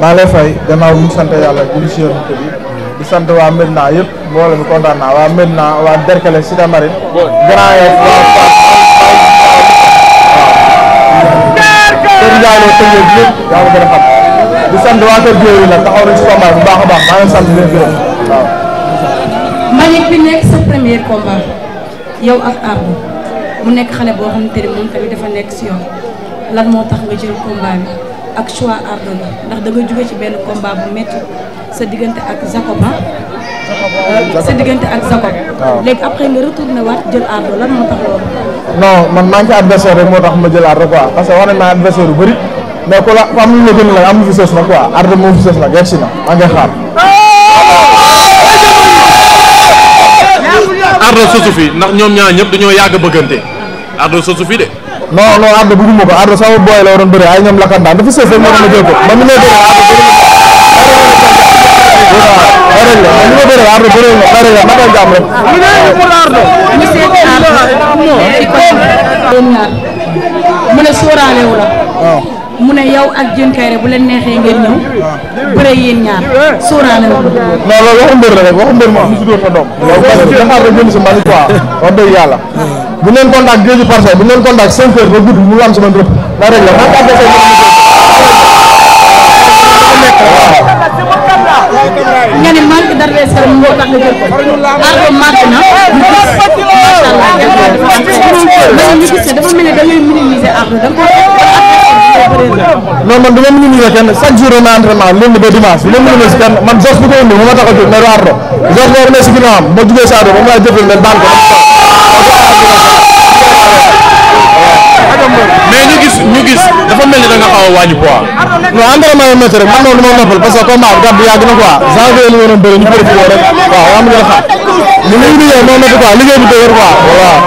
maa ngi lay fay gannaaw bu ñu sant yàlla bu ñu si yonent bi di sant waa Medina yëpp mbooloo mi kontaan naa waa Medina waa Derkale Cité Marine. Grand Yoff waa Kër nag taxaw nañ si bu baax a baax maa ngi sant leen gërëm waaw. Malick bi nekk sa premier combat yow ak Abdou mu nekk xale boo xamante ne moom tamit dafa nekk si yoon lan moo tax nga jël combat bi. ak choix ardent ndax da nga ci benn combat bu métti sa diggante ak Jacoba sa diggante ak Jacob léegi après nga retourné waat jël ardo lan moo tax loolu non man maa ngi ci rek moo tax ma jël ardo quoi parce yu bëri mais ku la ku am lu la gën la am fi sës na ardo sosu fi ndax ñoom ñaar ñëpp dañoo yàgg bëggante ardo sosu fi de non non Ardo bëgguma ko Ardo sama booy la waroon bëri ay ñoom lakandaan dafa sëf ma doon jël ko man ni may bëree Ardo bëri ma doon jàmm rek. ñu ne pour Ardo. ñu seet Ardo. non mu ne sóoraale la. mu ne yow ak Diène Kaïré bu leen neexee ngeen ñëw bëre yéen ñaar sóoraale wu. non la rek mbër moom. waaw waaw waaw parce que dafa si man quoi wax ba guddi la rek la man kàddu nga ne manque d'adversaire moo tax nga jël ko Ardo manque na ñu gis macha allah non man du ma mën a nuyu kenn chaque jour on a entraînement lundi ba dimanche du ma mën a nuyu kenn man Zoss bu ko indi mu ma tax a jóg mais du ardo Zoss boo ko nee si ginnaawam ba jugee saa doon ba mu laay jëfandikoo leen daan ko mais ñu gis ñu gis dafa mel ni da nga xaw a wàññi poids. non entraînement yi métti rek man noonu dama noppal parce que combat bi gàddu yàgg na quoi janvier li ma doon bëri ñu profité rek waaw am nga xam li muy liggéey moo métti quoi liggéey bi dëgër quoi waaw.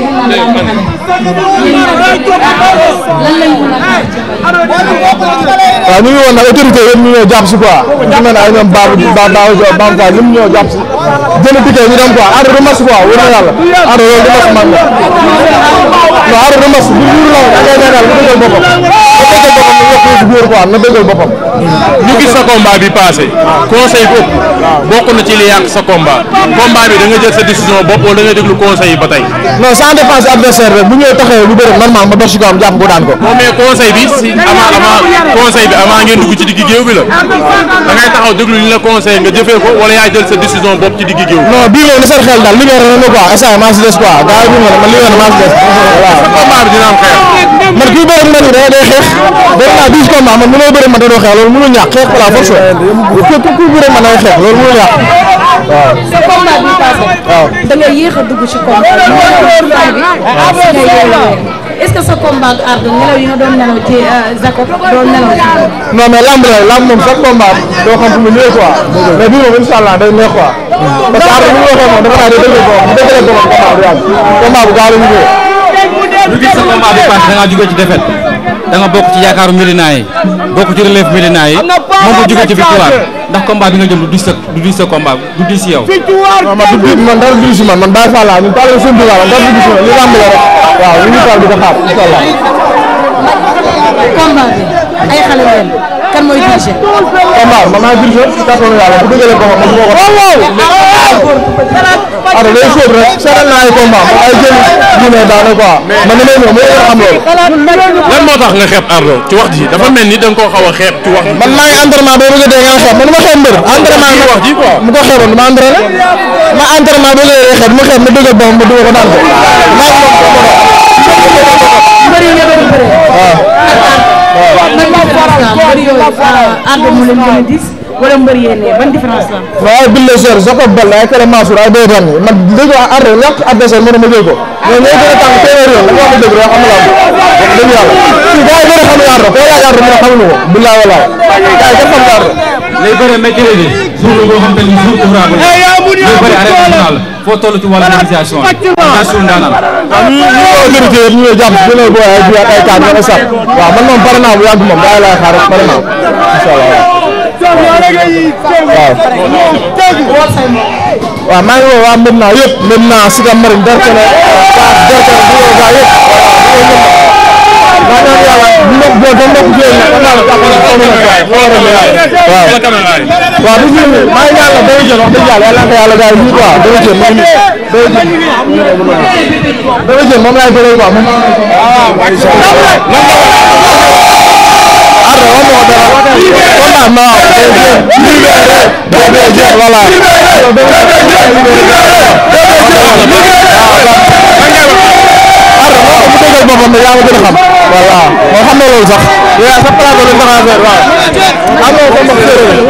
lan a. waaw ñu ngi woon nag autorité yëpp ñu ñoo jàpp si quoi. ñu mel ne ay ñoom Babou Babou Babou Ba ñoom ñoo jàpp si. jënd ticket ñu dem quoi ànd du mas quoi wala yàlla ànd loolu du mas man la non mas bu wóor la da ngay nekkal bu dëggal xale bu góor quoi na dëggal boppam. ñu gis sa combat bi passé. conseil bopp bokk na ci li yàq sa combat. bi da nga jël sa décision bopp wala da nga déglu conseil ba tey. non sans défense conseil bi si avant ngeen dugg ci digg géew bi la. da taxaw déglu li ñu la conseil nga jëfee ko wala yaa jël sa décision bopp ci digg géew. non bii moom seen xel daal libéré na quoi instant maa si des quoi gars yi bii man libéré na man kii boobu man day gis combat man mënoo bëre man da doo xeex loolu mënul ñàkk xeex balaa force képp ku bëre man day xeex loolu mënul ñàkk waaw sa combat bi passé waaw da nga yéex a dugg ci combat bi est-ce que sa combat ak Ardo nelaw yi nga doon nelaw ci Jacob doon nelaw ci non mais lamb la lamb moom sa combat doo xam fu mu ñëwee quoi mais bii moom inshallah day neex quoi parce que Ardo mu waxee moom dafa naa day dëgg boppam mu dëgg boppam combat bu yàgg combat bu gaaw la ñu ñëwee ñu gis sa combat bi passé da nga jóge ci défaite da bokk ci yaakaaru Médina yi bokk ci relève Médina moom nga jóge ci victoire ndax combat bi nga jëm du diis sa du diis sa combat du diis si man man dara du diis man man bàyyi faa laa ñun taal la seen bi waaw man dara du man li làmb la rek waaw ñu ngi taal di ko xaar incha allah. combat bi. ay xale ngeen kan mooy dirigé. waaw eh, man maa ngi dirigé si kàttanu yàlla bu dëgëlee ko ma ko. waaw waaw waaw day sóob rek seetal naa ay combat ma ay jël ñu ne daane quoi man damay ñëw mooy xam loolu. lan moo tax nga xeeb Ardo ci wax ji dafa mel ni da nga koo xaw a xeeb ci wax ji. man maa ngi entraînement boo bëggee dee nga xeeb man ma xeeb mbër entraînement wax ji quoi mu ko xeeboon ma entraîné ma entraînement boo bëggee xeeb ma xeeb ma dëgër boom ma duma ko daan ko. waaw. man ma faral góor yi ma faral ah, ah, ànd mu leen gën a dis wala mbër yéene ban différence la. waaw bi la seer soo ko balla ay kër Mansour ay day wax ànd rek ñàkk adversaire mën ma jël ko mais ñooy gën a tànn téeméer wax dëgg rek am lamb dëgg yàlla si gars yi gën a xam ne ànd ko laaj ànd mën a xamuñu ko suuf la boo xam te ni suuf ouvrable la. lu bëri arrêté national foo toll ci wàllu organisation organisation daanaka. waaw ñu ñu autorité yëpp ñu ngi jàpp bu ñu booyee ay ay kaat ñu ngi sàpp man moom pare naa bu yàgg laa xaar pare naa incha allah waaw. waaw waa Medina ko mbokk jël na wala ko waaw waaw bu ñu ma yàlla day jël wax dëgg yàlla yàlla ko yàlla gaay ñu quoi day jël man day jël day jël moom laay bëre quoi moom waaw waaw waaw waaw waaw affaire boppam nag yaa ma gën a xam. voilà moo xam ne loolu sax. yow yaa sa plateau lañ tax affaire waaw. am na ko mbokk séeréer